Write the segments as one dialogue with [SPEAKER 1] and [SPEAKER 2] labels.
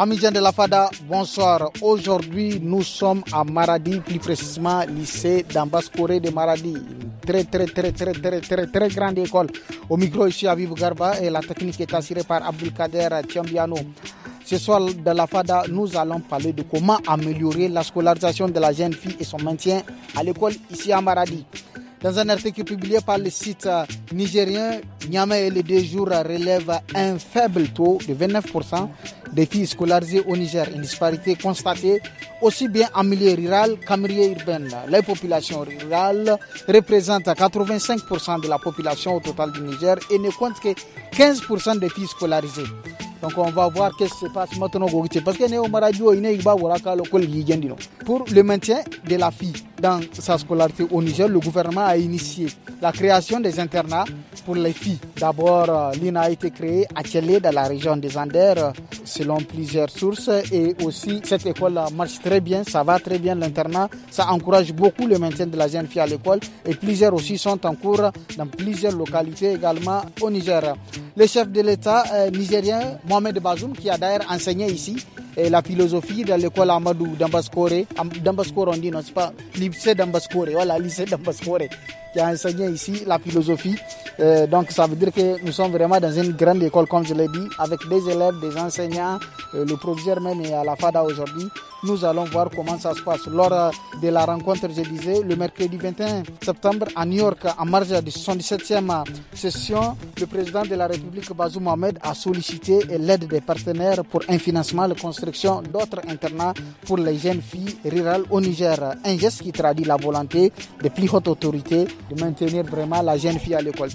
[SPEAKER 1] Amis de la FADA, bonsoir. Aujourd'hui, nous sommes à Maradi, plus précisément lycée Corée de Maradi. très, très, très, très, très, très, très grande école. Au micro, ici, à Garba et la technique est assurée par Abdelkader Tiambiano. Ce soir, de la FADA, nous allons parler de comment améliorer la scolarisation de la jeune fille et son maintien à l'école ici à Maradi. Dans un article publié par le site euh, nigérien, Niamey et les deux jours euh, relèvent un faible taux de 29% des filles scolarisées au Niger, une disparité constatée aussi bien en milieu rural qu'en milieu urbain. La population rurale représente 85% de la population au total du Niger et ne compte que 15% des filles scolarisées. Donc on va voir qu'est-ce qui se passe maintenant Parce que Pour le maintien de la fille dans sa scolarité au Niger, le gouvernement a initié la création des internats pour les filles. D'abord, euh, l'INA a été créée à Tchélé, dans la région des Anders, euh, selon plusieurs sources. Et aussi, cette école marche très bien, ça va très bien l'internat. Ça encourage beaucoup le maintien de la jeune fille à l'école. Et plusieurs aussi sont en cours dans plusieurs localités également au Niger le chef de l'État euh, nigérien Mohamed Bazoum, qui a d'ailleurs enseigné ici et la philosophie de l'école Amadou d'Ambascore. D'Ambascore, on dit, non, c'est pas lycée d'Ambascore. Voilà, lycée d'Ambascore qui a enseigné ici la philosophie. Euh, donc, ça veut dire que nous sommes vraiment dans une grande école, comme je l'ai dit, avec des élèves, des enseignants. Euh, le professeur même est à la FADA aujourd'hui. Nous allons voir comment ça se passe. Lors euh, de la rencontre, je disais, le mercredi 21 septembre à New York, en marge de 77e session, le président de la République, Bazou Mohamed, a sollicité l'aide des partenaires pour un financement, le construction d'autres internats pour les jeunes filles rurales au Niger. Un geste qui traduit la volonté des plus hautes autorités de maintenir vraiment la jeune fille à l'école.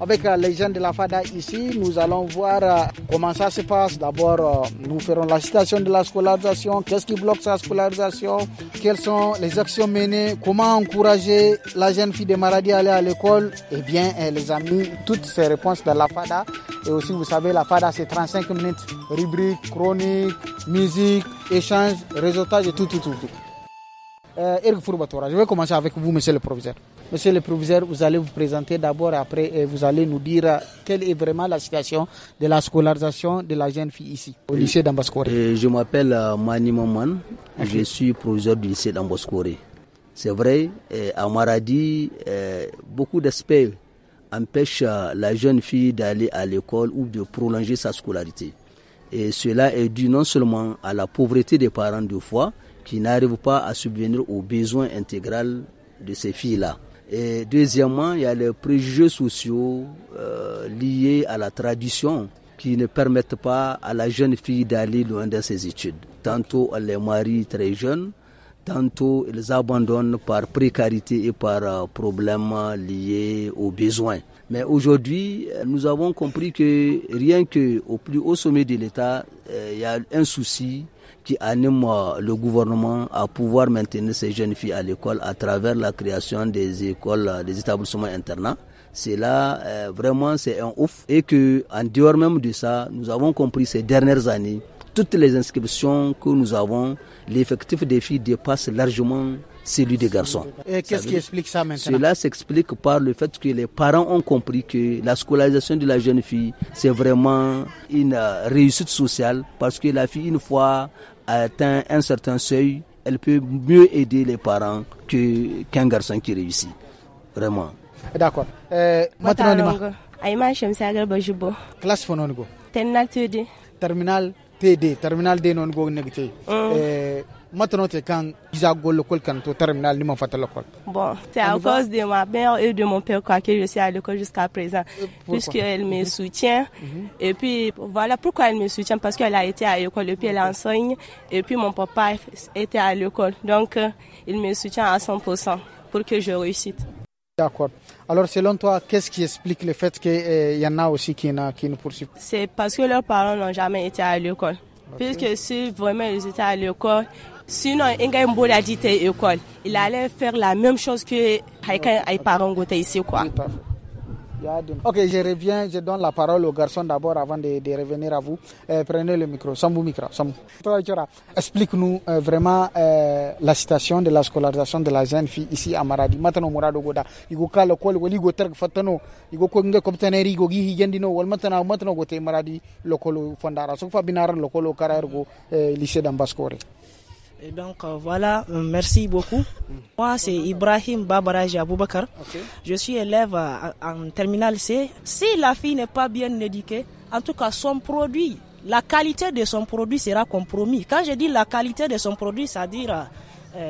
[SPEAKER 1] Avec euh, les jeunes de la FADA ici, nous allons voir euh, comment ça se passe. D'abord, euh, nous ferons la citation de la scolarisation. Qu'est-ce qui bloque sa scolarisation Quelles sont les actions menées Comment encourager la jeune fille de Maradi à aller à l'école Eh bien, eh, les amis, toutes ces réponses de la FADA. Et aussi, vous savez, la FADA, c'est 35 minutes rubrique Chronique, musique, échange, réseautage et tout, tout, tout. tout. Euh, Fourbatora, je vais commencer avec vous, monsieur le proviseur. Monsieur le proviseur, vous allez vous présenter d'abord après et euh, vous allez nous dire euh, quelle est vraiment la situation de la scolarisation de la jeune fille ici,
[SPEAKER 2] au lycée d'Ambascore. Je m'appelle Mani Maman, je suis proviseur du lycée d'Ambascore. C'est vrai, à Maradi, beaucoup d'aspects empêchent la jeune fille d'aller à l'école ou de prolonger sa scolarité. Et cela est dû non seulement à la pauvreté des parents de foi qui n'arrivent pas à subvenir aux besoins intégral de ces filles-là. Et deuxièmement, il y a les préjugés sociaux euh, liés à la tradition qui ne permettent pas à la jeune fille d'aller loin de ses études. Tantôt, elle les marie très jeunes, tantôt, ils abandonnent par précarité et par euh, problèmes liés aux besoins. Mais aujourd'hui, euh, nous avons compris que rien que au plus haut sommet de l'État, euh, il y a un souci qui anime euh, le gouvernement à pouvoir maintenir ces jeunes filles à l'école à travers la création des écoles, des établissements internats. C'est là vraiment c'est un ouf et que en dehors même de ça, nous avons compris ces dernières années toutes les inscriptions que nous avons, l'effectif des filles dépasse largement celui des garçons.
[SPEAKER 1] Et qu'est-ce qui explique ça maintenant Cela
[SPEAKER 2] s'explique par le fait que les parents ont compris que la scolarisation de la jeune fille, c'est vraiment une euh, réussite sociale parce que la fille, une fois atteint un certain seuil, elle peut mieux aider les parents qu'un garçon qui réussit. Vraiment.
[SPEAKER 1] D'accord. maintenant,
[SPEAKER 3] je vais Garba
[SPEAKER 1] Classe Fonongo.
[SPEAKER 3] Terminal TD.
[SPEAKER 1] Terminal TD. Terminal D non go Maintenant, c'est quand à l'école, quand tu terminal, ils m'ont fait l'école.
[SPEAKER 3] Bon, c'est ah, à cause de ma mère et de mon père quoi, que je suis à l'école jusqu'à présent. Euh, Puisqu'elle me mhm. soutient. Mhm. Et puis, voilà pourquoi elle me soutient. Parce qu'elle a été à l'école, et puis elle enseigne. Et puis, mon papa était à l'école. Donc, euh, il me soutient à 100% pour que je réussisse.
[SPEAKER 1] D'accord. Alors, selon toi, qu'est-ce qui explique le fait qu'il eh, y en a aussi qui, qui nous poursuivent
[SPEAKER 3] C'est parce que leurs parents n'ont jamais été à l'école. Puisque si vraiment ils étaient à l'école, Sinon, Ngaïmbo a dit école. Il allait faire la même chose que Haïkan Aïparango ici, quoi.
[SPEAKER 1] Ok, je reviens, je donne la parole au garçon d'abord avant de, de, revenir à vous. Euh, prenez le micro, Sambou Micro. Sambou. Explique-nous euh, vraiment euh, la situation de la scolarisation de la jeune fille ici à Maradi. Maintenant, Morado Goda, il y a le col, il y a le fatano, il y a le conteneur, il y a le gendino, il y a maintenant gote Maradi, le col fondara. Sauf à Binar, le col au carrière, euh, lycée d'Ambascore.
[SPEAKER 3] Et donc euh, voilà, euh, merci beaucoup. Moi, c'est Ibrahim Babaraj Aboubakar. Je suis élève euh, en terminale C. Si la fille n'est pas bien éduquée, en tout cas, son produit, la qualité de son produit sera compromis. Quand je dis la qualité de son produit, c'est-à-dire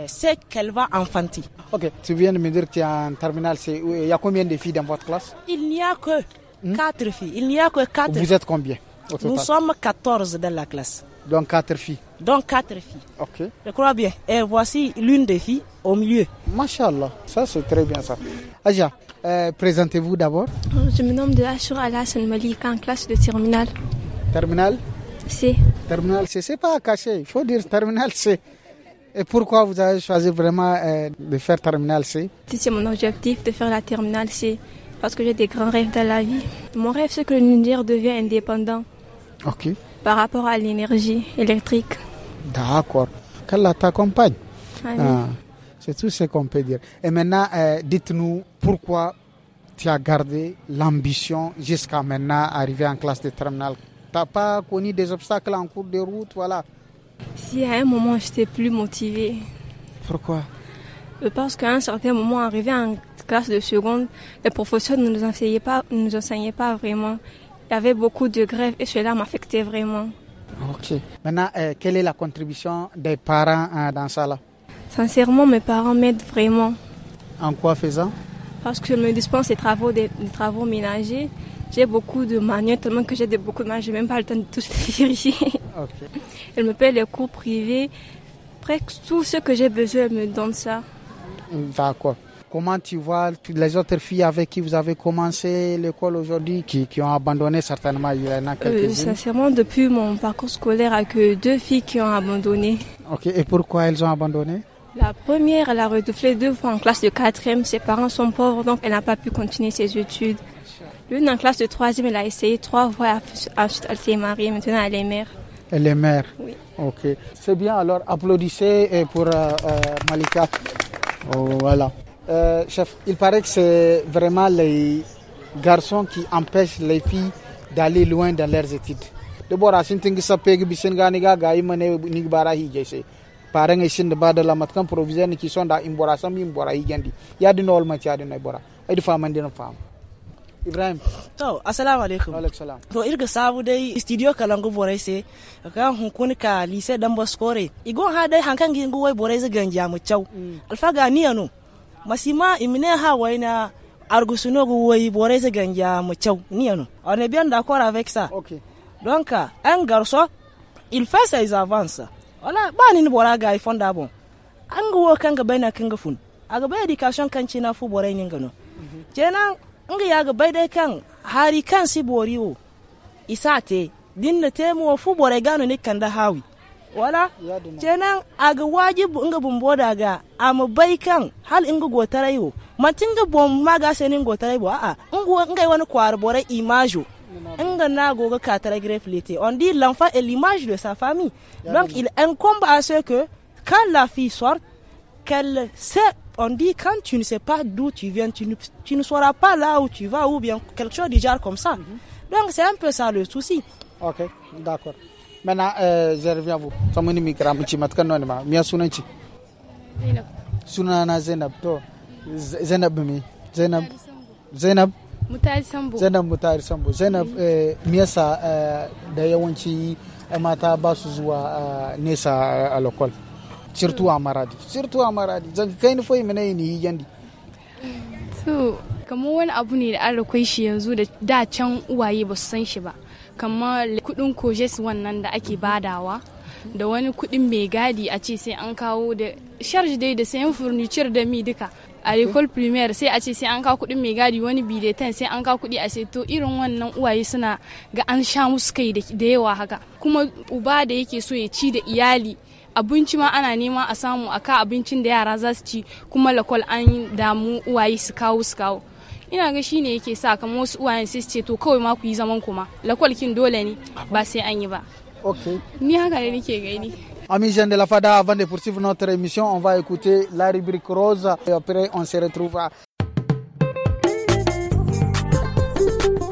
[SPEAKER 3] c'est qu'elle
[SPEAKER 1] va enfanter. Ok, tu viens de me dire que tu es en terminale C. Il y a combien de filles dans votre classe
[SPEAKER 3] Il n'y a que hmm quatre filles. Il n'y a que quatre. Vous êtes
[SPEAKER 1] combien Nous sommes 14 dans la classe. Donc quatre filles. Donc quatre filles. Ok. Je crois bien. Et voici l'une des filles au milieu. Machallah, ça c'est très bien ça. Aja, euh, présentez-vous d'abord.
[SPEAKER 4] Je me nomme de Ashur Alassane Malika en classe de terminal.
[SPEAKER 1] Terminal. C. Terminale C, c'est pas caché, il faut dire terminal C. Et pourquoi vous avez choisi vraiment euh, de faire terminale C
[SPEAKER 4] C'est mon objectif de faire la terminale C parce que j'ai des grands rêves dans la vie. Mon rêve c'est que le Niger devient indépendant. Ok par rapport à l'énergie électrique.
[SPEAKER 1] D'accord. Qu'elle t'accompagne. Ah ah, c'est tout ce qu'on peut dire. Et maintenant, euh, dites-nous pourquoi tu as gardé l'ambition jusqu'à maintenant, arriver en classe de terminale. Tu n'as pas connu des obstacles en cours de route, voilà.
[SPEAKER 4] Si à un moment, je n'étais plus motivée. Pourquoi euh, Parce qu'à un certain moment, arrivé en classe de seconde, les professeurs ne nous ne nous enseignaient pas vraiment. Il y avait beaucoup de grèves et cela m'affectait vraiment.
[SPEAKER 1] Ok. Maintenant, euh, quelle est la contribution des parents euh, dans ça Sincèrement, mes
[SPEAKER 4] parents m'aident
[SPEAKER 1] vraiment. En quoi faisant
[SPEAKER 4] Parce que je me dispense des travaux, des, travaux ménagers. J'ai beaucoup de manuels, tellement que j'ai beaucoup de manuels, je n'ai même pas le temps de tout les vérifier. Elle me paie les cours privés. Presque tout ce que j'ai besoin, elle me donne ça.
[SPEAKER 1] quoi Comment tu vois les autres filles avec qui vous avez commencé l'école aujourd'hui, qui, ont abandonné certainement il y en a euh, quelques-unes Sincèrement,
[SPEAKER 4] depuis mon parcours scolaire, il n'y a que deux filles qui ont abandonné.
[SPEAKER 1] Ok, et pourquoi elles ont abandonné
[SPEAKER 4] la première, elle a redoublé deux fois en classe de quatrième. Ses parents sont pauvres, donc elle n'a pas pu continuer ses études. L'une en classe de troisième, elle a essayé trois fois. Ensuite, elle s'est mariée. Maintenant, elle est mère.
[SPEAKER 1] Elle est mère. Oui. Ok. C'est bien. Alors, applaudissez pour euh, euh, Malika. Oh, voilà. Euh, chef, il paraît que c'est vraiment les garçons qui empêchent les filles d'aller loin dans leurs études. D'abord, à Sintingi Sapeg, Bisenganiga, Gaïmane, Nigbarahi, Gese. Parang et Sind Bada la Matkan Provision qui sont dans Imbora, Sam Imbora, Yandi. Yadi no Almatia de Nebora. Et de femme et de femme.
[SPEAKER 3] ibrahim to assalamu alaikum wa salam to irga sabu dai studio kalangu borai se ka hunkuni ka lise dan boskore igo ha dai hankan gingu wai borai zagan jamu chau alfaga ni anu masima imine ha waina argusunogu bore borese ganja mo chaw niano on est bien d'accord avec ça ok donc un garçon il fait ses avances wala ba ni bora ga ifonda bon an wo kanga baina kanga fun aga bai education kan cina fu borai ni gano kenan mhm. in ga ya ga bai dai kan hari kan si boriwo isate din na temo fu borai gano ne kan da hawi voilà on dit l'enfant est l'image de sa famille donc il incombe à ce que quand la fille sort qu'elle sait on dit quand tu ne sais pas d'où tu viens tu ne, tu ne pas là où tu vas ou bien quelque chose du genre comme ça mhm. donc c'est un peu ça le souci
[SPEAKER 1] ok d'accord mana euh, je reviens à vous. Samuni matakan e Michi ma miya Mia Sunana Zainab, to. Zainab mi. Zainab. Zainab. Mutari Sambo. Zainab Mutari Sambo. Zainab, eh, miya sa eh, da yawanci eh, mata ba su zuwa nesa a lokal. Surtout mm. a Maradi. Surtout a Maradi. Zan kai e ni foyi yi ni yandi. So, kamar wani abu ne da an rakwai shi
[SPEAKER 5] yanzu da da can uwaye ba su san shi ba. kamar kudin kojes wannan da ake badawa da wani kudin mai gadi a ce sai an kawo da charge dai da sayan furniture da mi duka a recall premier sai a ce sai an kawo kudin mai gadi wani bidetan sai an kawo kudi a to irin wannan uwaye suna ga an sha musu kai da yawa haka kuma uba da yake so ya ci da iyali abinci ma ana nema a samu a ka abincin da yara za su ci kuma lakwal an damu uwaye su kawo su kawo ina ga shine yake sa kamar wasu uwayen sai ce to kawai ma ku yi zaman kuma lakwalkin dole ne ba sai an yi ba ok ni haka ne nake gani
[SPEAKER 1] Amis jeunes de la FADA, avant de poursuivre notre émission, on va écouter la rubrique rose et après on se retrouve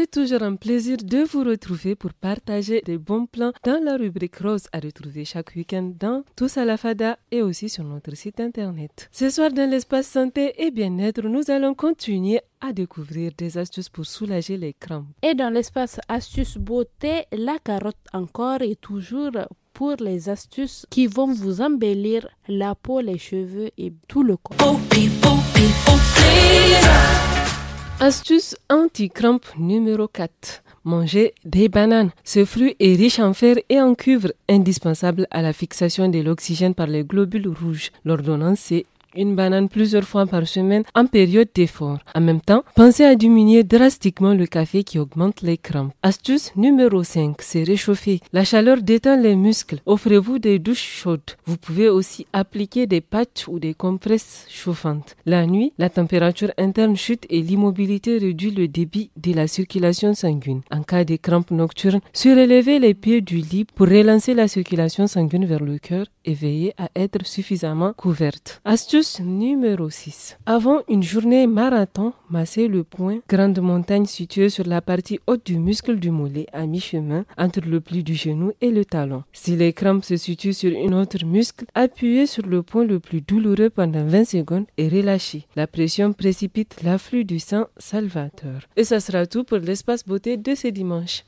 [SPEAKER 6] c'est toujours un plaisir de vous retrouver pour partager des bons plans dans la rubrique rose à retrouver chaque week-end dans Tous à la Fada et aussi sur notre site internet. Ce soir dans l'espace santé et bien-être, nous allons continuer à découvrir des astuces pour soulager les crampes.
[SPEAKER 7] Et dans l'espace astuces beauté, la carotte encore et toujours pour les astuces qui vont vous embellir la peau, les cheveux et tout le corps.
[SPEAKER 6] Astuce anti-crampe numéro 4. Manger des bananes. Ce fruit est riche en fer et en cuivre, indispensable à la fixation de l'oxygène par les globules rouges. L'ordonnance est une banane plusieurs fois par semaine en période d'effort. En même temps, pensez à diminuer drastiquement le café qui augmente les crampes. Astuce numéro 5, c'est réchauffer. La chaleur détend les muscles. Offrez-vous des douches chaudes. Vous pouvez aussi appliquer des patchs ou des compresses chauffantes. La nuit, la température interne chute et l'immobilité réduit le débit de la circulation sanguine. En cas de crampes nocturnes, surélevez les pieds du lit pour relancer la circulation sanguine vers le cœur et veillez à être suffisamment couverte. Astuce numéro 6. Avant une journée marathon, massez le point grande montagne située sur la partie haute du muscle du mollet à mi-chemin entre le pli du genou et le talon. Si les crampes se situent sur une autre muscle, appuyez sur le point le plus douloureux pendant 20 secondes et relâchez. La pression précipite l'afflux du sang salvateur. Et ça sera tout pour l'espace beauté de ce dimanche.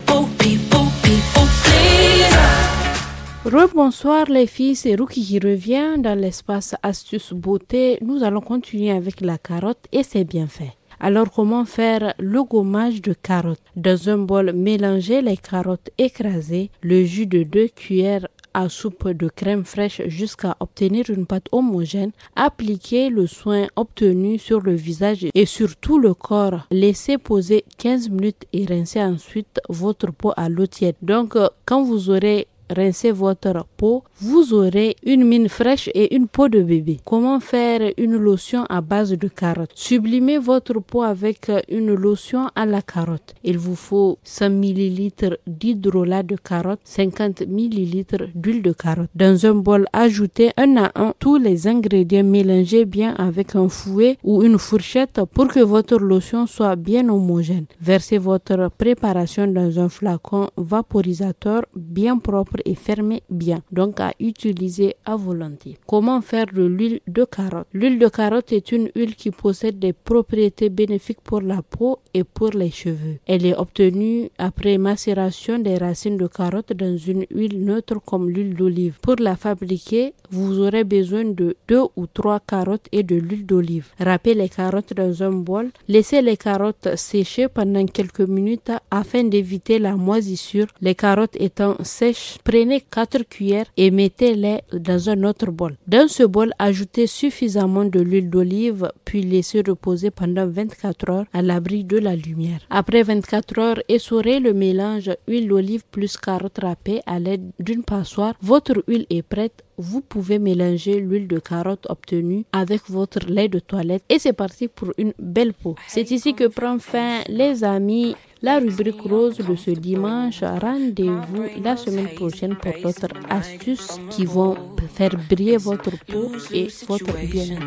[SPEAKER 7] Rebonsoir les filles, c'est Ruki qui revient dans l'espace astuce beauté. Nous allons continuer avec la carotte et c'est bien fait. Alors comment faire le gommage de carotte Dans un bol, mélangez les carottes écrasées, le jus de 2 cuillères à soupe de crème fraîche jusqu'à obtenir une pâte homogène. Appliquez le soin obtenu sur le visage et sur tout le corps. Laissez poser 15 minutes et rincez ensuite votre peau à l'eau tiède. Donc, quand vous aurez rincez votre peau, vous aurez une mine fraîche et une peau de bébé. Comment faire une lotion à base de carotte Sublimez votre peau avec une lotion à la carotte. Il vous faut 100 ml d'hydrolat de carotte, 50 ml d'huile de carotte. Dans un bol, ajoutez un à un tous les ingrédients mélangés bien avec un fouet ou une fourchette pour que votre lotion soit bien homogène. Versez votre préparation dans un flacon vaporisateur bien propre et fermez bien, donc à utiliser à volonté. Comment faire de l'huile de carotte L'huile de carotte est une huile qui possède des propriétés bénéfiques pour la peau et pour les cheveux. Elle est obtenue après macération des racines de carotte dans une huile neutre comme l'huile d'olive. Pour la fabriquer, vous aurez besoin de deux ou trois carottes et de l'huile d'olive. Râpez les carottes dans un bol, laissez les carottes sécher pendant quelques minutes afin d'éviter la moisissure. Les carottes étant sèches, Prenez quatre cuillères et mettez-les dans un autre bol. Dans ce bol, ajoutez suffisamment de l'huile d'olive puis laissez reposer pendant 24 heures à l'abri de la lumière. Après 24 heures, essorez le mélange huile d'olive plus carotte râpée à l'aide d'une passoire. Votre huile est prête vous pouvez mélanger l'huile de carotte obtenue avec votre lait de toilette et c'est parti pour une belle peau. C'est ici que prend fin les amis la rubrique rose de ce dimanche, rendez-vous la semaine prochaine pour d'autres astuces qui vont faire briller votre peau et votre bien-être.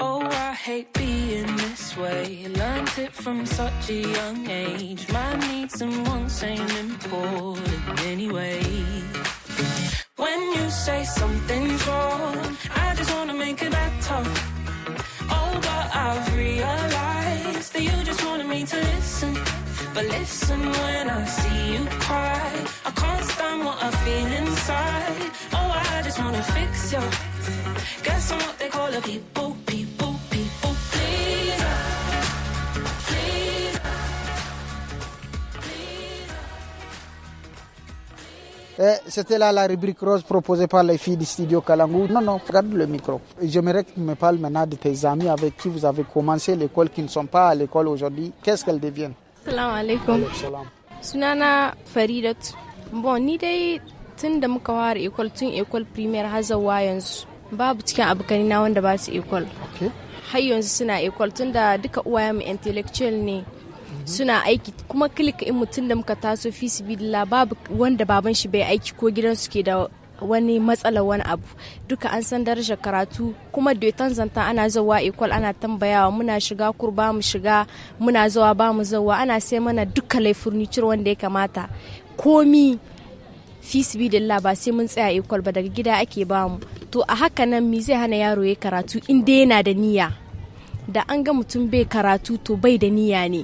[SPEAKER 6] Oh, I hate being this way. Learned it from such a young age. My needs and wants ain't important anyway. When you say something's wrong, I just wanna make it better. Oh, but I've realized that you just wanted me to listen. But listen when I see you cry. I can't stand what I feel inside. Oh, I just wanna fix you. Guess I'm what they call a people
[SPEAKER 1] Eh, c'était là la rubrique rose proposée par les filles du studio Kalangou. Non, non, regarde le micro. J'aimerais que tu me parles maintenant de tes amis avec qui vous avez commencé l'école, qui ne sont pas à l'école aujourd'hui. Qu'est-ce qu'elles deviennent
[SPEAKER 5] Salam alaikum. Sunana Faridat. Bon, ni dai tun da muka ware école tun école primaire har zawa yanzu. Babu cikin abokanina wanda ba su école. Har yanzu suna école tun da duka uwaye mu intellectual ne. suna aiki kuma click in mutum da muka taso fi babu wanda baban shi bai aiki ko gidansu ke da wani matsala wani abu duka an san darajar karatu kuma ya zanta ana zawa equal ana tambayawa muna shiga kurba mu shiga muna zawa ba mu zawa ana sai mana duka lai wanda ya kamata komi fi da ba sai mun tsaya equal ba daga gida ake ba mu to a haka nan mi zai hana yaro ya karatu in dai yana da niyya da an ga mutum bai karatu to bai da niyya ne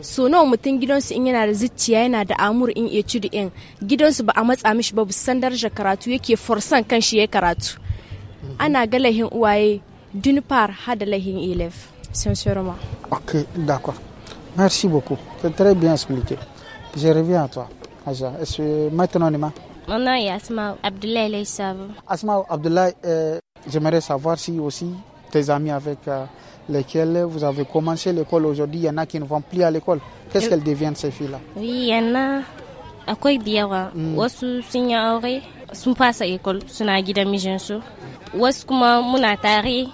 [SPEAKER 5] so nawa mutum gidansu in yana da zuciya yana da amur in iya ciri in gidansu ba a matsa mishi ba san darajar karatu yake forsan shi ya karatu ana ga lahin uwaye dunfar hada lahin elef sincèrement
[SPEAKER 1] ok d'accord merci beaucoup c'est très bien expliqué je reviens à toi Aja, est-ce que maintenant Nima
[SPEAKER 8] Mon nom est Asma Abdoulaye Leïsavo.
[SPEAKER 1] Asma Abdoulaye, euh, j'aimerais savoir si aussi tes amis avec euh, lesquelles vous avez commencé l'école aujourd'hui, il y en a qui ne vont plus à l'école. Qu'est-ce qu'elles deviennent ces filles-là
[SPEAKER 8] Oui, il y en a. akwai hein? hmm. sont pas wasu sun yi aure sun fasa ekol suna gidan mijinsu wasu kuma muna tare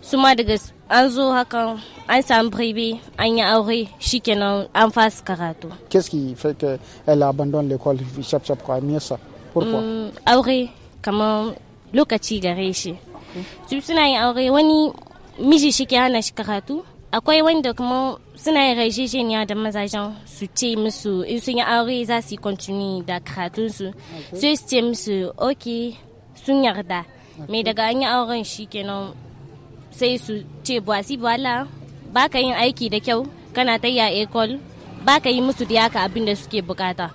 [SPEAKER 8] su ma daga an zo hakan an samu birbe an yi aure shikenan an fasa karatu
[SPEAKER 1] qu'est-ce qui fait que elle abandonne l'école chap chap quoi mieux ça pourquoi hmm,
[SPEAKER 8] aure comment lokaci gare shi tu suna yin aure wani miji shi ke hana shi karatu akwai wanda kuma suna yin rajejeniya da mazajen su ce musu in sun yi aure za su yi da karatunsu su su ce musu ok sun yarda mai daga an yi auren shi kenan sai su ce buwasi buwala ba ka yin aiki da kyau kana ta yi a ekol ba ka yi musu da yaka abin da suke bukata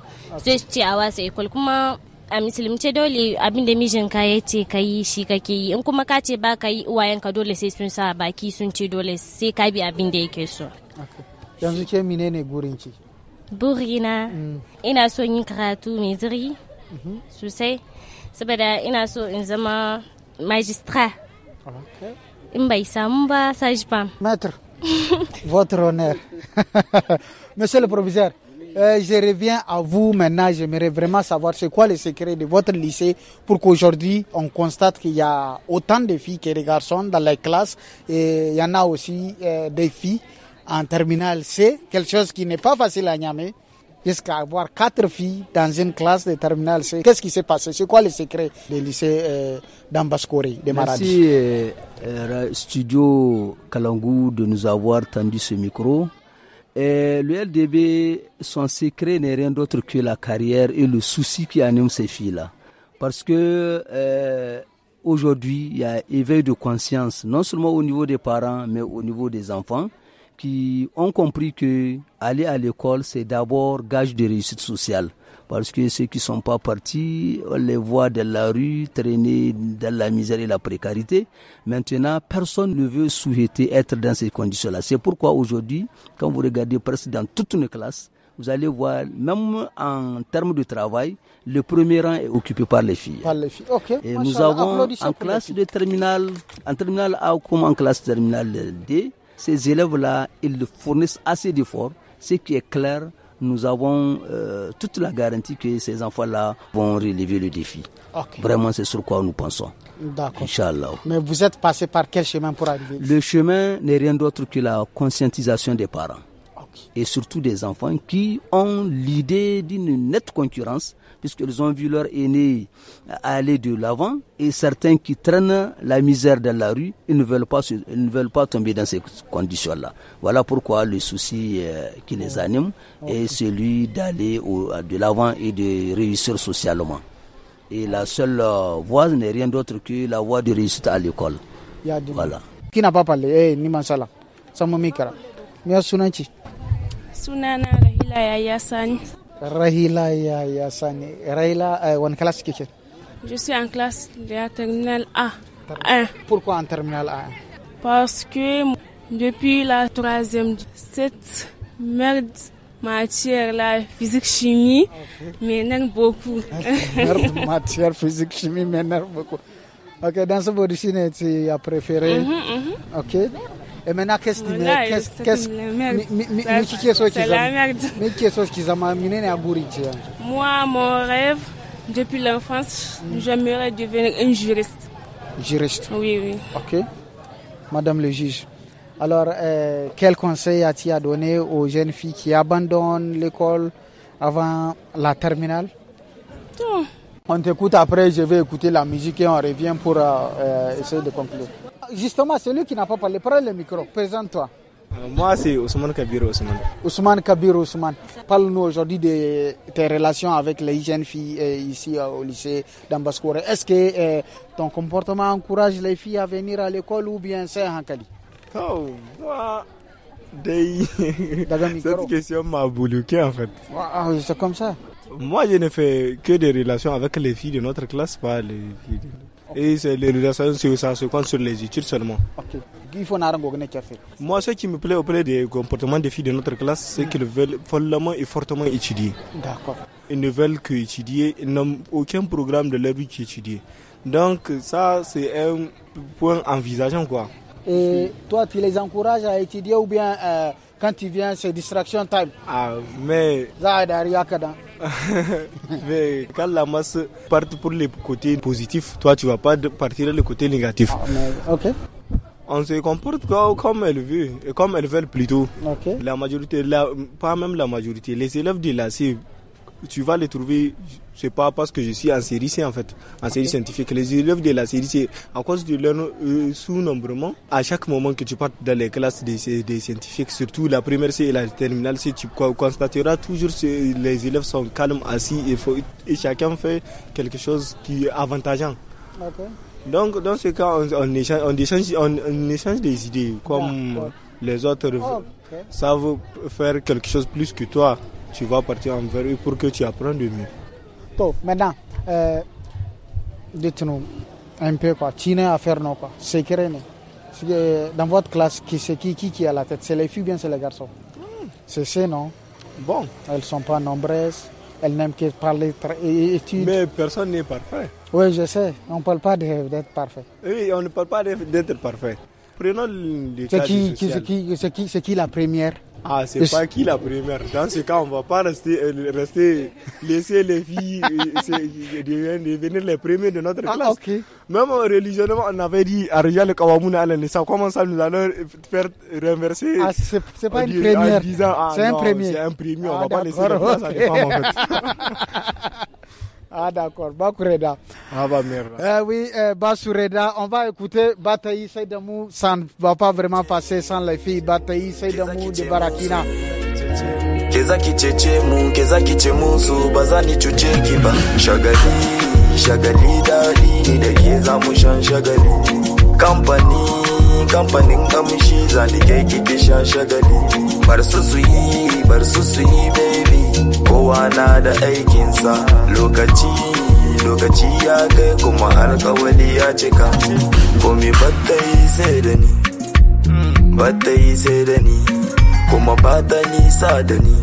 [SPEAKER 8] sai su ce a wasa ekol kuma a musulunce dole abin da mijinka ya ce ka yi shi kake yi in kuma ka ce ba ka yi uwayenka dole sai sun sa baki sun ce dole sai ka bi abin
[SPEAKER 1] da yake so yanzu ke mine ne burinki
[SPEAKER 8] burina mm. ina so yin karatu mai zuri mhm. sosai saboda ina so in zama magistra in bai samu ba sajban
[SPEAKER 1] maître votre honneur monsieur le proviseur Euh, je reviens à vous maintenant. J'aimerais vraiment savoir c'est quoi le secret de votre lycée pour qu'aujourd'hui on constate qu'il y a autant de filles que de garçons dans les classes et il y en a aussi euh, des filles en terminale C, quelque chose qui n'est pas facile à Niamey jusqu'à avoir quatre filles dans une classe de terminale C. Qu'est-ce qui s'est passé C'est quoi le secret des lycées euh, de Maradi Merci,
[SPEAKER 2] euh, Studio Kalangou, de nous avoir tendu ce micro. Eh, le LDB, son secret n'est rien d'autre que la carrière et le souci qui anime ces filles-là. Parce que eh, aujourd'hui, il y a éveil de conscience, non seulement au niveau des parents, mais au niveau des enfants, qui ont compris que aller à l'école, c'est d'abord gage de réussite sociale parce que ceux qui ne sont pas partis, on les voit dans la rue, traîner dans la misère et la précarité. Maintenant, personne ne veut souhaiter être dans ces conditions-là. C'est pourquoi aujourd'hui, quand vous regardez presque dans toutes nos classes, vous allez voir, même en termes de travail, le premier rang est occupé par les filles.
[SPEAKER 1] Par les filles. Ok. Et nous avons en
[SPEAKER 2] classe de terminale, en terminale A comme en classe terminale D, ces élèves-là, ils fournissent assez d'efforts, ce qui est clair nous avons euh, toute la garantie que ces enfants-là vont relever le défi. Vraiment, c'est sur quoi nous pensons.
[SPEAKER 1] Mais vous êtes passé par quel chemin pour arriver
[SPEAKER 2] Le chemin n'est rien d'autre que la conscientisation des parents et surtout des enfants qui ont l'idée d'une nette concurrence puisqu'ils ont vu leur aîné aller de l'avant et certains qui traînent la misère dans la rue, ils ne veulent pas, ne veulent pas tomber dans ces conditions-là. Voilà pourquoi le souci euh, qui les anime est celui d'aller de l'avant et de réussir socialement. Et la seule euh, voie n'est rien d'autre que la voie de réussite à l'école.
[SPEAKER 1] Voilà. Qui n'a pas parlé Eh, ni Mansala. Samomikara. Mais
[SPEAKER 6] eh, je suis en classe de la terminale A 1 pourquoi en terminale A parce que depuis la troisième cette merde matière la physique chimie m'énerve beaucoup Merde
[SPEAKER 1] matière physique chimie m'énerve beaucoup ok dans ce cas-ci, tu as préféré mm -hmm, mm -hmm. ok et maintenant, qu'est-ce qui qu'est-ce Mais qui est-ce qui amené à hein?
[SPEAKER 6] Moi, mon rêve, depuis l'enfance, j'aimerais devenir un juriste.
[SPEAKER 1] Juriste Oui, oui. Ok. Madame le juge. Alors, euh, quel conseil as-tu à donner aux jeunes filles qui abandonnent l'école avant la terminale oh. On t'écoute après, je vais écouter la musique et on revient pour euh, euh, essayer de conclure. Justement, celui qui n'a pas parlé, prends le micro, présente-toi.
[SPEAKER 9] Euh, moi, c'est Ousmane Kabir Ousmane.
[SPEAKER 1] Ousmane Kabir Ousmane, parle-nous aujourd'hui de tes relations avec les jeunes filles euh, ici euh, au lycée d'Ambascore. Est-ce que ton comportement encourage les filles à venir à l'école ou bien c'est un cali Oh,
[SPEAKER 9] moi, cette question m'a bloqué en fait.
[SPEAKER 1] Ah, ah, c'est
[SPEAKER 9] comme ça. Moi, je ne fais que des relations avec les filles de notre classe, pas les filles et les relations ça se compte sur les études seulement. Ok.
[SPEAKER 1] faire
[SPEAKER 9] Moi, ce qui me plaît auprès des comportements des filles de notre classe, c'est mm. qu'elles veulent follement et fortement étudier. D'accord. Ils ne veulent que étudier, n'ont aucun programme de leur vie qui étudie. Donc, ça, c'est un point envisageant, quoi.
[SPEAKER 1] Et toi, tu les encourages à étudier ou bien euh, quand tu viens, c'est distraction time Ah, mais.
[SPEAKER 9] mais quand la masse part pour les côtés positifs, toi tu vas pas partir le côté négatif. Ah, ok. On se comporte comme elle veut, comme elle veut plutôt. La majorité, pas même la majorité, les élèves de la C tu vas les trouver, c'est pas parce que je suis en série C en fait, en série scientifique. Les élèves de la série C, à cause de leur euh, sous-nombrement, à chaque moment que tu partes dans les classes des, des scientifiques, surtout la première C et la terminale C, tu constateras toujours que les élèves sont calmes, assis et, chacun fait quelque chose qui est avantageant. Donc dans ce cas, on, échange, on, échange, on, des idées comme... les autres savent faire quelque chose plus que toi tu vas partir envers eux pour que tu apprennes du mieux.
[SPEAKER 1] maintenant, euh, dites-nous un peu quoi, tu n'as à faire non pas? c'est euh, Dans votre classe, qui c'est qui, qui qui a la tête C'est les filles bien c'est les garçons hmm. C'est ces non Bon. Elles sont pas nombreuses, elles n'aiment que parler et étudier. Mais
[SPEAKER 9] personne n'est parfait.
[SPEAKER 1] Oui, je sais, on ne parle pas d'être parfait.
[SPEAKER 9] Oui, on ne parle pas d'être parfait. Prenons nous C'est qui, qui,
[SPEAKER 1] qui, qui la première
[SPEAKER 9] ah, c'est pas qui la première. Dans ce cas, on va pas rester, euh, laisser les filles euh, euh, devenir les premiers de notre ah, classe. Ah, okay. Même religieusement, on avait dit Arja le Kawamouna Comment ça nous allons faire renverser Ah, c'est pas une première. Ah, c'est un premier. C'est un premier. on ah, va pas laisser les femmes en fait.
[SPEAKER 1] Ah d'accord, Bakureda. Ah bah merde. Euh, oui, euh, Basoureda, on va écouter Bataï Saïdamou, ça ne va pas vraiment passer sans les filles. Bataï Saïdamou de Barakina.
[SPEAKER 10] Keza kichechemu, keza kichemusu, bazani chucheki shagali, shagali dali, da keza mushan shagali. Company, company kamshi, zani keki kishan shagali. Bar su baby. kowa na da aikinsa lokaci lokaci ya kai kuma alkawali ya cika komi bata yi sai da ni bata yi sai da ni kuma bata nisa da ni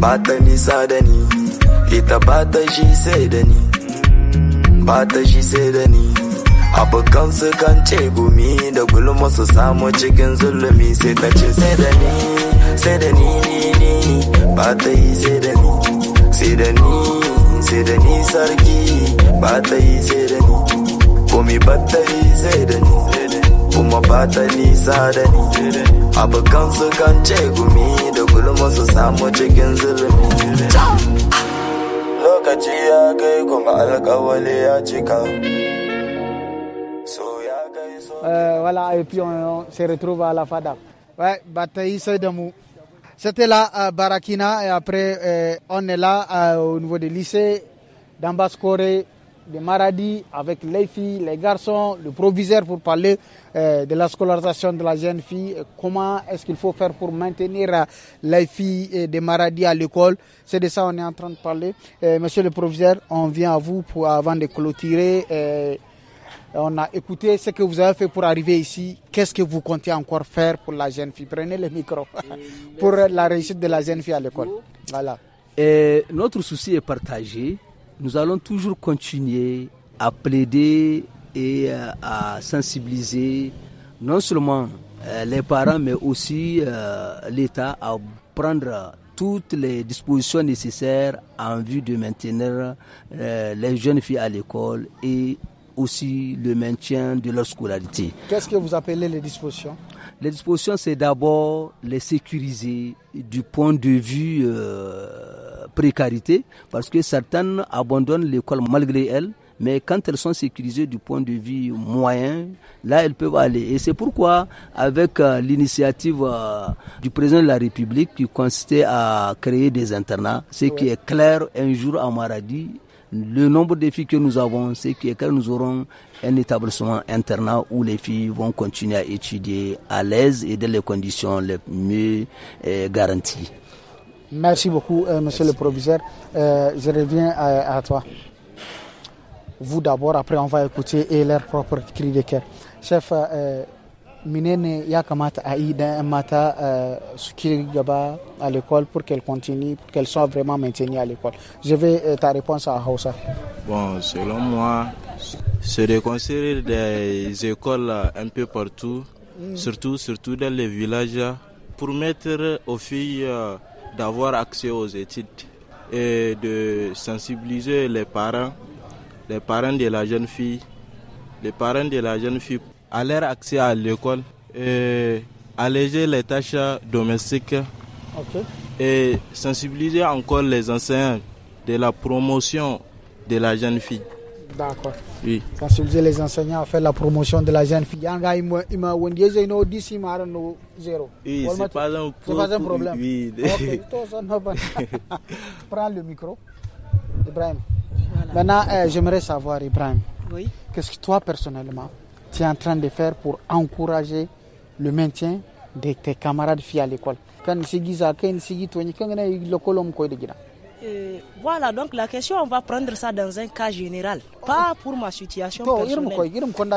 [SPEAKER 10] bata nisa da ni ita bata shi sai da ni bata shi sai da ni abokan su kan ce gumi da gulma su samu cikin zulumi sai ta ce sai da ni sai da ni bata yi sai da ni sai da ni sai da ni sarki bata yi sai da ni komi bata yi sai da ni kuma bata ta nisa da ni kan su kan ce gumi da gulma su samu cikin zulumi lokaci ya kai kuma alkawali ya cika
[SPEAKER 1] Euh, voilà, et puis on, on se retrouve à la FADA. Ouais, Bataï Sedamou. C'était là à Barakina et après euh, on est là euh, au niveau des lycées d'Ambascore, de Maradi avec les filles, les garçons, le proviseur pour parler euh, de la scolarisation de la jeune fille. Comment est-ce qu'il faut faire pour maintenir les filles de Maradi à l'école C'est de ça qu'on est en train de parler. monsieur le proviseur, on vient à vous pour avant de clôturer. On a écouté ce que vous avez fait pour arriver ici. Qu'est-ce que vous comptez encore faire pour la jeune fille Prenez le micro pour la réussite de la jeune fille à l'école. Voilà. notre
[SPEAKER 2] souci est partagé. Nous allons toujours continuer à plaider et euh, à sensibiliser non seulement euh, les parents, mais aussi euh, l'État à prendre toutes les dispositions nécessaires en vue de maintenir les jeunes filles à l'école et aussi le maintien de leur scolarité.
[SPEAKER 1] Qu'est-ce que vous appelez les dispositions
[SPEAKER 2] Les dispositions, c'est d'abord les sécuriser du point de vue euh, précarité, parce que certaines abandonnent l'école malgré elles. Mais quand elles sont sécurisées du point de vue moyen, là, elles peuvent aller. Et c'est pourquoi, avec euh, l'initiative euh, du président de la République qui consistait à créer des internats, ce qui est clair, un jour à Maradi, le nombre de filles que nous avons, c'est que nous aurons un établissement internat où les filles vont continuer à étudier à l'aise et dans les conditions les mieux euh, garanties.
[SPEAKER 1] Merci beaucoup, euh, monsieur le proviseur. Euh, je reviens à, toi. Vous d'abord, après on va écouter et leur propre cri de cœur. Chef, menene ya kamata a yi dan 'yan mata euh, su à l'école pour qu'elle continue pour qu'elles soient vraiment maintenues à l'école Je vais euh, ta réponse à Hausa.
[SPEAKER 9] Bon, selon moi, c'est de construire des écoles un peu partout, mm. surtout, surtout dans les villages, pour mettre aux filles euh, d'avoir accès aux études et de sensibiliser les parents, les parents de la jeune fille, les parents de la jeune fille à leur accès à l'école alléger les tâches domestiques et sensibiliser encore les enseignants de la promotion de la jeune fille. D'accord. Oui.
[SPEAKER 1] Sensibiliser les enseignants à faire la promotion de la jeune fille. Oui, c'est pas, un problème. Oui. Prends le micro. Ibrahim.
[SPEAKER 11] Maintenant, eh, j'aimerais
[SPEAKER 1] savoir, Ibrahim, oui. qu'est-ce que toi personnellement, tu es en train de faire pour encourager le maintien de tes camarades filles à l'école
[SPEAKER 3] voilà, donc la question, on va prendre ça dans un cas général, pas pour ma situation personnelle.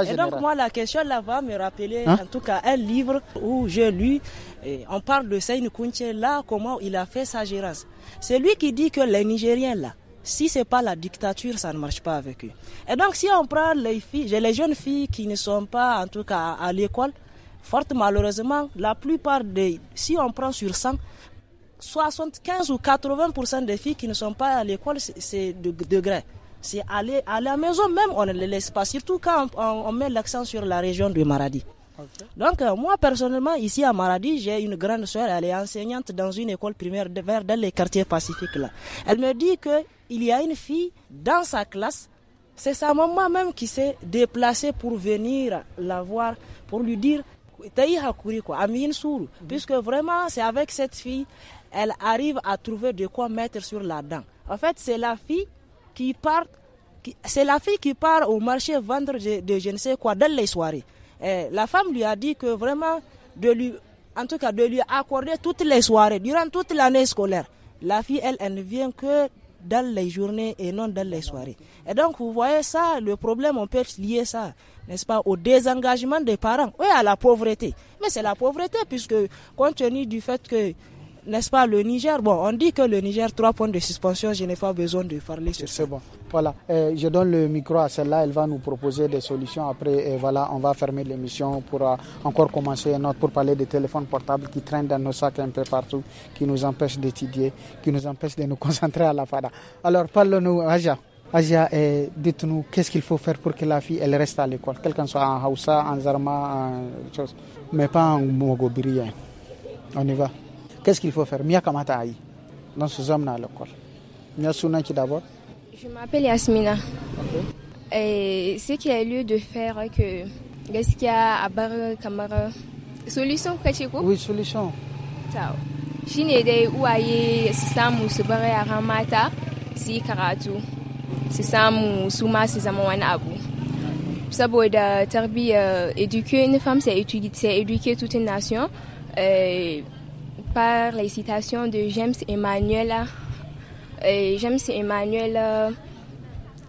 [SPEAKER 3] Et donc moi, la question là va me rappeler, hein? en tout cas, un livre où j'ai lu, euh, on parle de Seine Kounché, là, comment il a fait sa gérance. C'est lui qui dit que les Nigériens là, si c'est pas la dictature, ça ne marche pas avec eux. Et donc, si on prend les filles, les jeunes filles qui ne sont pas, en tout cas, à l'école, fort malheureusement, la plupart des, si on prend sur 100, 75 ou 80% des filles qui ne sont pas à l'école, c'est de gré. C'est aller à la maison même, on ne les laisse pas, surtout quand on, met l'accent sur la région du Maradi. Donc, euh, moi, personnellement, ici à Maradi, j'ai une grande soeur, elle est enseignante dans une école primaire de vers dans les quartiers pacifiques. Là. Elle me dit qu'il y a une fille dans sa classe, c'est sa maman même qui s'est déplacée pour venir la voir, pour lui dire mhm. puisque vraiment c'est avec cette fille elle arrive à trouver de quoi mettre sur la dent en fait c'est la fille qui part c'est la fille qui part au marché vendre de, de je ne sais quoi dans les soirées eh, la femme lui a dit que vraiment, de lui, en tout cas, de lui accorder toutes les soirées, durant toute l'année scolaire. La fille, elle, elle ne vient que dans les journées et non dans les soirées. Et donc, vous voyez ça, le problème, on peut lier ça, n'est-ce pas, au désengagement des parents oui à la pauvreté. Mais c'est la pauvreté, puisque compte tenu du fait que n'est-ce pas, le Niger, bon, on dit que le Niger, trois points de suspension, je n'ai pas besoin de parler sur ça. C'est bon.
[SPEAKER 1] Voilà, euh, je donne le micro à celle-là, elle va nous proposer des solutions. Après, et euh, voilà, on va fermer l'émission pour euh, encore commencer autre, pour parler des téléphones portables qui traînent dans nos sacs un peu partout, qui nous empêchent d'étudier, qui nous empêchent de nous concentrer à la FADA. Alors, parle-nous, Aja. Aja, dites-nous, qu'est-ce qu'il faut faire pour que la fille elle reste à l'école, quel soit en Hausa, en Zarma, en chose, mais pas en Mogobirien. On y va. Qu'est-ce qu'il faut faire Mia Kamata dans ce hommes à l'école. Mia Sunanki d'abord.
[SPEAKER 12] Je m'appelle Yasmina. Okay. Et ce qui a lieu de faire que. Qu'est-ce qu'il y a à barre Kamara Solution, quoi? Oui, solution. Ciao. shine dai uwaye C'est ça, su bar à ramata, si yi karatu ça, samu souma ma su zama wani Ça saboda tarbiyyar euh, éduquer une femme c'est éduquer toute une nation par les citations de James Emmanuel, euh, James Emmanuel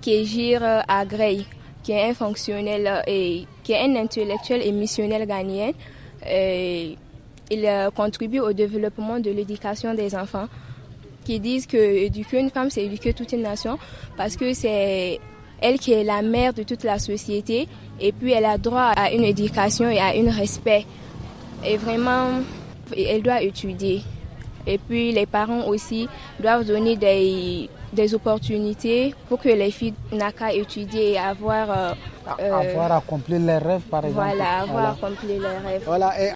[SPEAKER 12] gère euh, euh, à Agrey, qui est un fonctionnel et qui est un intellectuel et missionnaire ghanéen. il contribue au développement de l'éducation des enfants, qui disent que une femme, c'est éduquer toute une nation, parce que c'est elle qui est la mère de toute la société, et puis elle a droit à une éducation et à un respect. Et vraiment, elle doit étudier. Et puis les parents aussi doivent donner des, des opportunités pour que les filles n'aient qu'à étudier et avoir... Euh, euh, avoir
[SPEAKER 1] accompli leurs rêves par exemple. Voilà, avoir
[SPEAKER 12] accompli leurs rêves. Voilà, et...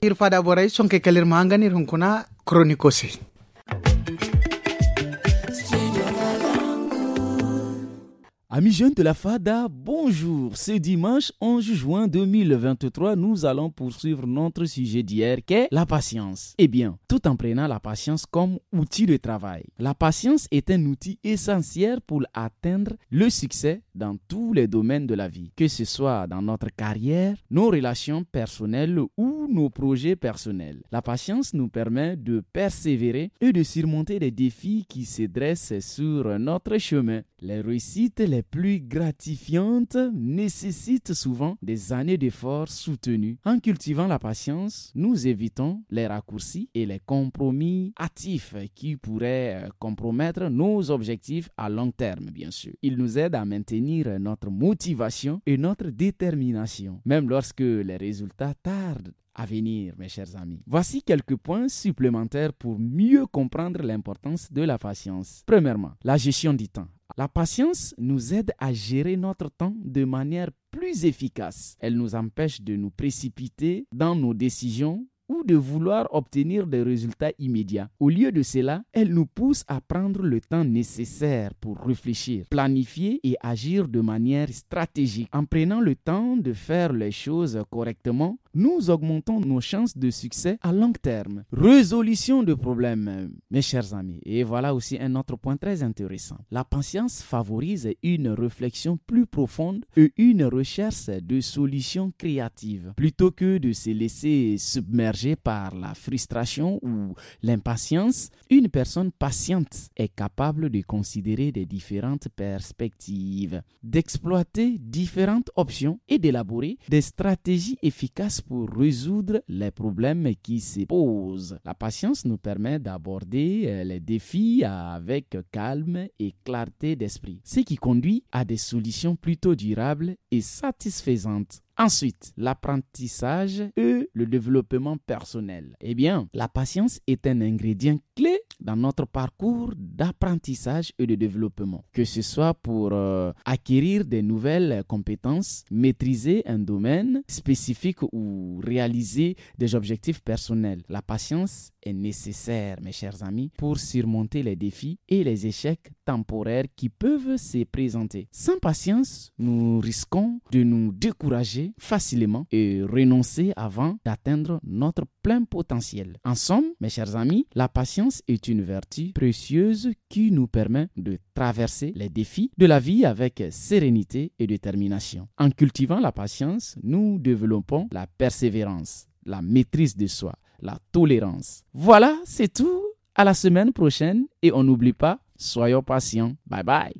[SPEAKER 11] Amis jeunes de la FADA, bonjour. Ce dimanche 11 juin 2023, nous allons poursuivre notre sujet d'hier qu'est la patience. Eh bien, tout en prenant la patience comme outil de travail. La patience est un outil essentiel pour atteindre le succès dans tous les domaines de la vie, que ce soit dans notre carrière, nos relations personnelles ou nos projets personnels. La patience nous permet de persévérer et de surmonter les défis qui se dressent sur notre chemin. Les réussites les plus gratifiantes nécessitent souvent des années d'efforts soutenus. En cultivant la patience, nous évitons les raccourcis et les compromis hâtifs qui pourraient euh, compromettre nos objectifs à long terme, bien sûr. Ils nous aident à maintenir notre motivation et notre détermination, même lorsque les résultats tardent à venir, mes chers amis. Voici quelques points supplémentaires pour mieux comprendre l'importance de la patience. Premièrement, la gestion du temps. La patience nous aide à gérer notre temps de manière plus efficace. Elle nous empêche de nous précipiter dans nos décisions ou de vouloir obtenir des résultats immédiats. Au lieu de cela, elle nous pousse à prendre le temps nécessaire pour réfléchir, planifier et agir de manière stratégique. En prenant le temps de faire les choses correctement, nous augmentons nos chances de succès à long terme. Résolution de problèmes, mes chers amis. Et voilà aussi un autre point très intéressant. La patience favorise une réflexion plus profonde et une recherche de solutions créatives, plutôt que de se laisser submerger par la frustration ou l'impatience. Une personne patiente est capable de considérer des différentes perspectives, d'exploiter différentes options et d'élaborer des stratégies efficaces pour résoudre les problèmes qui se posent. La patience nous permet d'aborder euh, les défis avec calme et clarté d'esprit, ce qui conduit à des solutions plutôt durables et satisfaisantes. Ensuite, l'apprentissage et le développement personnel. Eh bien, la patience est un ingrédient clé dans notre parcours d'apprentissage et de développement, que ce soit pour euh, acquérir de nouvelles compétences, maîtriser un domaine spécifique ou réaliser des objectifs personnels. La patience est nécessaire, mes chers amis, pour surmonter les défis et les échecs temporaires qui peuvent se présenter. Sans patience, nous risquons de nous décourager facilement et renoncer avant d'atteindre notre plein potentiel. En somme, mes chers amis, la patience est une vertu précieuse qui nous permet de traverser les défis de la vie avec sérénité et détermination. En cultivant la patience, nous développons la persévérance, la maîtrise de soi, la tolérance. Voilà, c'est tout. À la semaine prochaine et on n'oublie pas, soyons patients. Bye bye.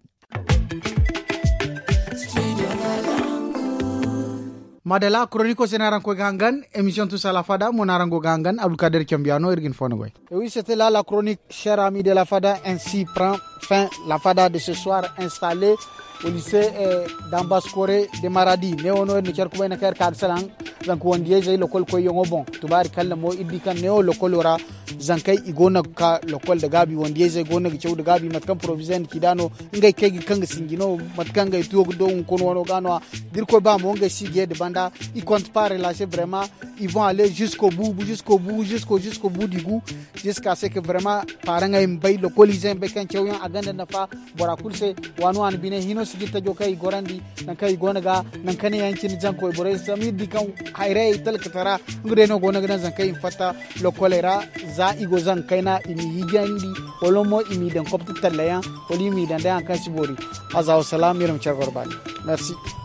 [SPEAKER 1] madala chronique senaranko gangan émission tous à la fada monarango gangan abdoukader cambiano irgin fonogoy et oui c'était là la chronique cher ami de la fada ainsi prend fin la fada de ce soir installée au lycée eh, de maradi ni cerkubayna ker kad salang zanka wandiyeza i lokol koy yongo bon tubari kala mo iddi kan neo lokol wara zankai igona ka lokol da gabi wandiyeza gona ga cewu da gabi matkan provision kidano ngai kegi kanga singino matkan ngai tuwo do un kono wono gano dir koy ba mo ngai sige de banda i compte pas relâcher vraiment ils vont aller jusqu'au bout jusqu'au bout jusqu'au jusqu'au bout du goût jusqu'à ce que vraiment paranga imbay lokol izen be kan cewu aganda nafa bora kulse wanu an bine hino sigita joka gorandi nankai gonaga ga nankane yancin zanko ibore sami dikan haire talka tara ngure no gona gana zankai in fata lo kolera za igo zankai na imi yigandi wolomo imi dan kopta talayan woli mi dan dan kan sibori azaw salam miram chargorbani merci